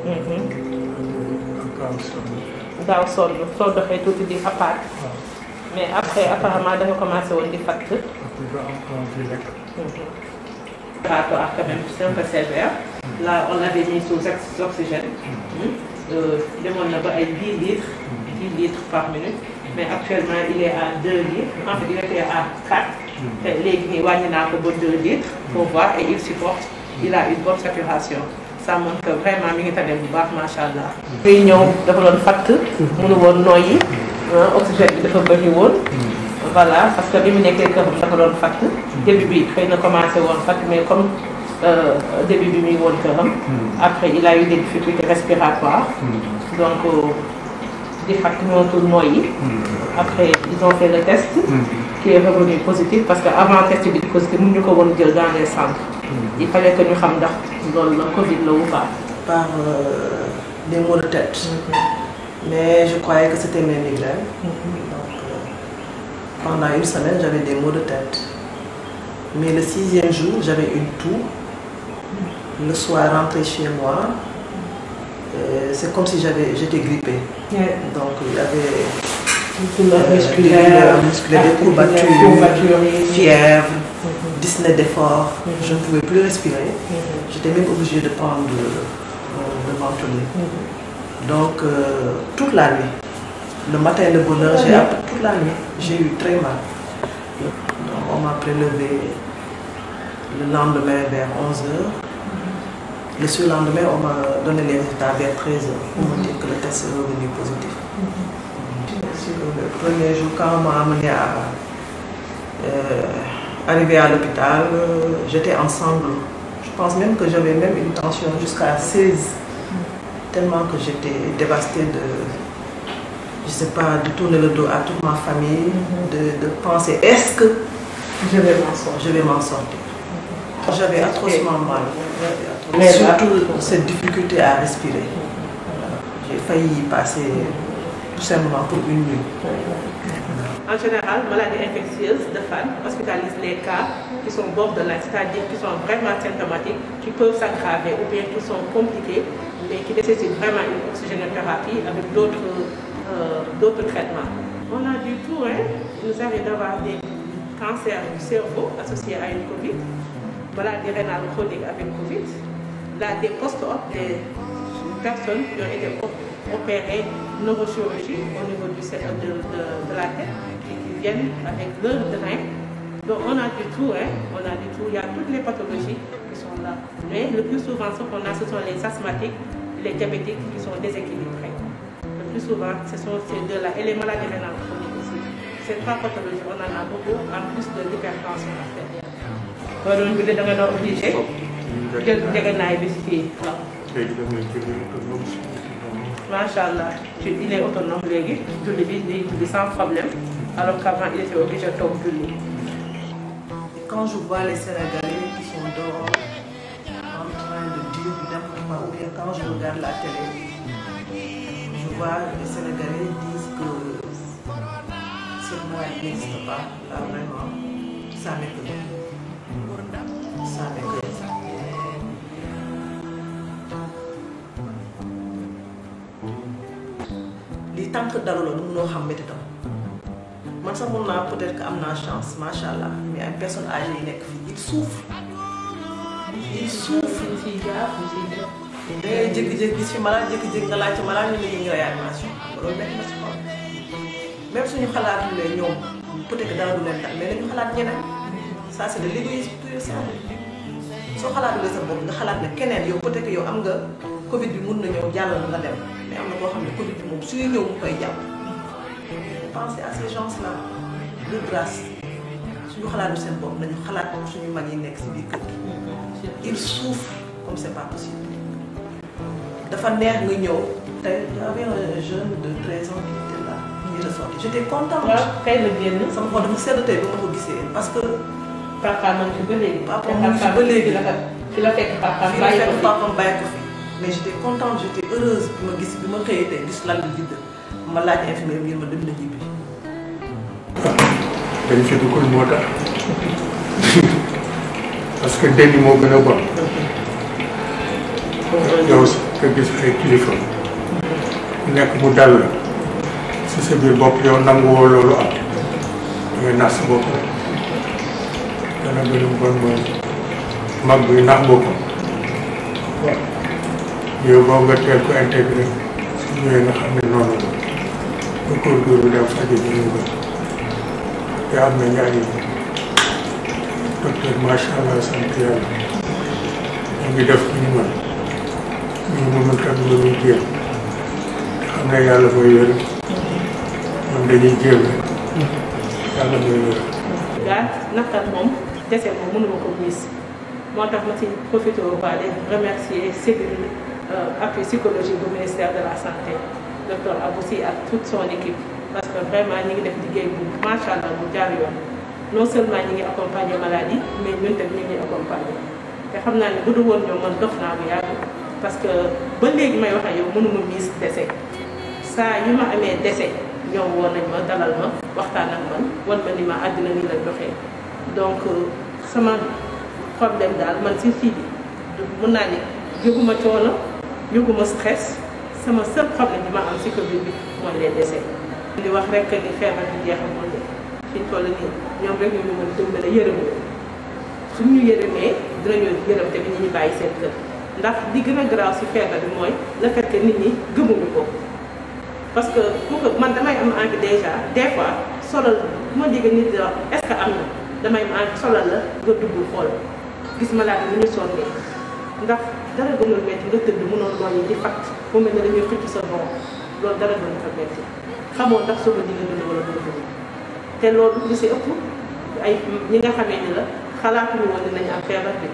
ak mm-hmm. daaw sonn soo doxee tuuti di appart ah. mais après apparemment dafa commencé woon di fatt. Ah, mm-hmm. par rapport à quand même c'est sévère. Mm. là on l'avait mis sous oxygène. Mm. Mm. Euh, demoon na ba ay 10 litres. 10 litres par minute. mais actuellement il est à 2 litres. en il était à 4. te léegi nii naa ko ba 2 litres. pour voir et il supporte. il a une bonne saturation. sàmmoon que vraiment mi ngi tane bu baax macha allah. kuy ñëw dafa doon fatt. mënu woon noyyi. Ah, oxygène bi dafa bëri woon. voilà parce que bi mu nekkee kër dafa doon fatt. début bi xëy na commencé woon fatt mais comme. Euh, début bi muy woon këram. après il a fi des difficultés respiratoires. donc euh, di fàttali ñootul yi après ils ont fait le test. qui est revenu positif parce que avant test bi di positif mënuñu ko woon jël dans les centres. il fallait ñu xam ndax. loolu la Covid la ou pas par euh, des de tête. Mm mais je croyais que c'était mes migraines. Mm -hmm. donc euh, pendant une semaine j'avais des maux de tête mais le sixième jour j'avais une toux. Mm-hmm. le soir rentré chez moi euh, c'est comme si j'avais j'étais grippée. donc il musculaire, musculaire, des courbatures, fièvre, dyspnée d'effort. Je ne pouvais plus respirer. J'étais même obligée de prendre le, ventoline. Donc, euh, toute la nuit, le matin et le bonheur, j'ai toute la nuit, j'ai eu très mal. on m'a prélevé le lendemain vers 11h. Le surlendemain, on m'a donné les résultats vers 13h pour me dire que le test est revenu positif. Sur le premier jour, quand m'a amené à arriver à l'hôpital, euh, j'étais en sanglots. Je pense même que j'avais même une tension jusqu'à 16, tellement que j'étais dévastée de, je sais pas, de tourner le dos à toute ma famille, mm-hmm. de, de penser est-ce que je vais mm-hmm. J'avais atrocement mal. Atrocement. Surtout cette difficulté à respirer. J'ai failli passer mm-hmm. seulement pour une nuit. En général, maladie infectieuse de Fan hospitalise les cas qui sont bord de c'est-à-dire qui sont vraiment symptomatiques, qui peuvent s'aggraver ou bien qui sont compliqués, mais qui nécessitent vraiment une oxygénothérapie avec d'autres euh, traitements. On a du tout, nous arrive d'avoir des cancers du cerveau associés à une COVID, maladie rénale chronique avec COVID, là, des personnes qui ont été au niveau de, la tête qui viennent avec leur drain. Donc on a du tout, on a du tout, il y a toutes les pathologies qui sont là. Mais le plus souvent, ce qu'on a, ce sont les asthmatiques, les diabétiques qui sont déséquilibrés. Le plus souvent, ce sont ces deux-là et les maladies rénales trois pathologies, on en a beaucoup, en plus de l'hypertension artérielle. kon loolu da nga doon obligé jël njëgënaay bi fii waaw. léegi da ngay julli autonome. macha allah ci il est autonome léegi julli bi day julli sans problème alors qu'avant il était obligé toog julli. quand je vois les Sénégalais qui sont dehors en train de dire n'importe quoi ou bien quand je regarde la télé je vois les Sénégalais disent que ce mois n'existe pas là vraiment ça m'étonne ça m'étonne. nit tant que dalu la du munoo xam métitam man sax mun naa peut-être que am naa chance macha allah mais ay personnes âgées yi nekk fii ils souffrent ils souffrent. dañ ciy jaar dañ ciy jot. da ngay jékki-jékki gis fi ñu ne ñu ngi réanimation loolu suñu xalaatulee ñoom peut-être que dara du leen dal mais dañu xalaat ñeneen ça c'est de l'égoïsme soo xalaatulee sa bopp nga xalaat ne keneen yow peut-être yow am nga. Covid bi mun na ñëw jàllal la dem mais am na koo xam ne Covid bi moom suy ñëw mu koy jàpp. pensez à ces gens là de grâce suñu xalaatu seen bopp nañu xalaat moom suñu mag yi nekk si biir kër gi. il souffre comme c'est pas possible. dafa neex nga ñëw. te j'avais un jeune de 13 ans qui était là qui est ressorti j'étais contente. waaw kay la sama xol dafa sedd tey ba ma ko gisee parce que. papa man fi ba léegi. papa man fi ba léegi la kat. fi la fekk papa mais j'étais contente j'étais heureuse bi ma gis bi ma xëyee tey gis lal bi vide ma laaj infirmière bi ma dem na ñibbi. dañ fi duggul moo tax parce que déni moo gën a bon. yow nga gis ay kilifa. nekk mu dal la. si sa biir bopp yow nanguwoo loolu am. dangay nax sa bopp dana gën bon mooy mag buy nax boppam. yow boo nga teel ko intégré ñooy na xam ne noonu la ba góorgóorlu dem bi ñu ba yi yàlla ñu ngi def lu mën ñu mënul tam lu ñuy xam ne yàlla mooy wér moom dañuy jéem yàlla mooy wér gaa naqar moom dese moom mënuma ko gis moo tax ma ci profité waale remercier sécurité Euh, appui psychologique bu ministère de la santé docteur Aboussi ak toute son équipe parce que vraiment ñi ngi def liggéey bu macha allah bu jaar yoon non seulement ñi ngi accompagner maladie mais ñun tamit ñu ngi accompagner te xam naa ne bu dul woon ñoom man dof naa mu yàgg parce que ba léegi may wax ak yow mënuma miis dese saa yu ma amee dese ñoom woon nañ ma dalal ma waxtaan ak man wan ma ni ma àddina nii la doxee donc euh, sama problème daal man si fii bi mën naa ne jóguma ma stress sama seul problème bi ma am si Covid bi mooy les décès. di wax rek ni feebar bi jeexagul ne fi ñu toll nii ñoom rek ñu mën dimbale yërëm leen suñu ñu yërëmee dinañu yërëm te ñu bàyyi seen kër ndax li gën a garaaw si feebar bi mooy le fait que nit ñi gëmuñu ko. parce que pour que man damay am envie déjà des fois solal bu ma déggee nit di wax est-ce que am na damay am envie solal la nga dugg xool gis ma laata ni ñu sonnee. ndax dara gënul métti nga tëdd mënoon wàññi di fatt mu mel ne dañuy xëcc sa borom loolu dara gënu ko métti xamoo ndax soo ko di nga dund wala doo dund te loolu li si ëpp ay ñi nga xamee ni la xalaatuñu woon ne nañu am feebar bi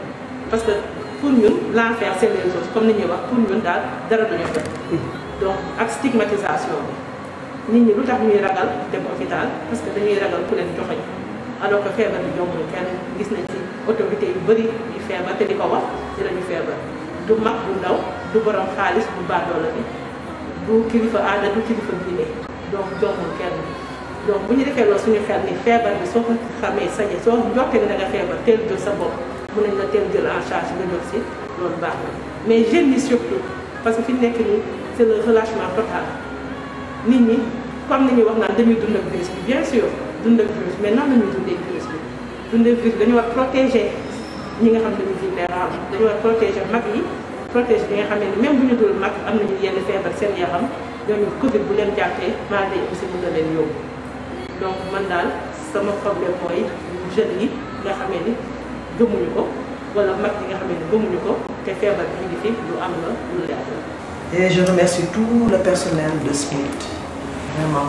parce que pour ñun l'enfer c'est les choses comme ni ñuy wax pour ñun daal dara duñu ko donc ak stigmatisation bi nit ñi lu tax ñuy ragal dem hôpital parce que dañuy ragal ku leen joxe alors que feebar bi jombul kenn gis nañ ci autorité yu bëri yu feebar te di ko wax dinañu feebar du mag bu ndaw du borom xaalis bu baadoola bi du kilifa aada du kilifa diine donc jombul kenn donc bu ñu defee loolu suñu xel ni feebar bi soo ko xamee sañe soo njortee ne da nga feebar teel jël sa bopp mun nañ la teel jël en charge nga jot si loolu baax na mais jeunes yi surtout que fi nekk nii c'est le relâchement total nit ñi comme ni ñuy wax naan dañuy dund virus mais nan la ñuy dundee virus bi dundee virus dañu war protéger ñi nga xam ne dañu vulnérable dañu war protéger mag yi protéger ñi nga xam ne même bu ñu dul mag am na ñu yenn feebar seen yaram ñooñu Covid bu leen jàppee maladie aussi mën na leen yóbbu donc man daal sama problème mooy jeunes yi nga xamee ni gëmuñu ko walla mag yi nga xam ne gëmuñu ko te feebar bi ngi fi lu am la lu leer. ee je remercie tout le personnel de SMIT, vraiment.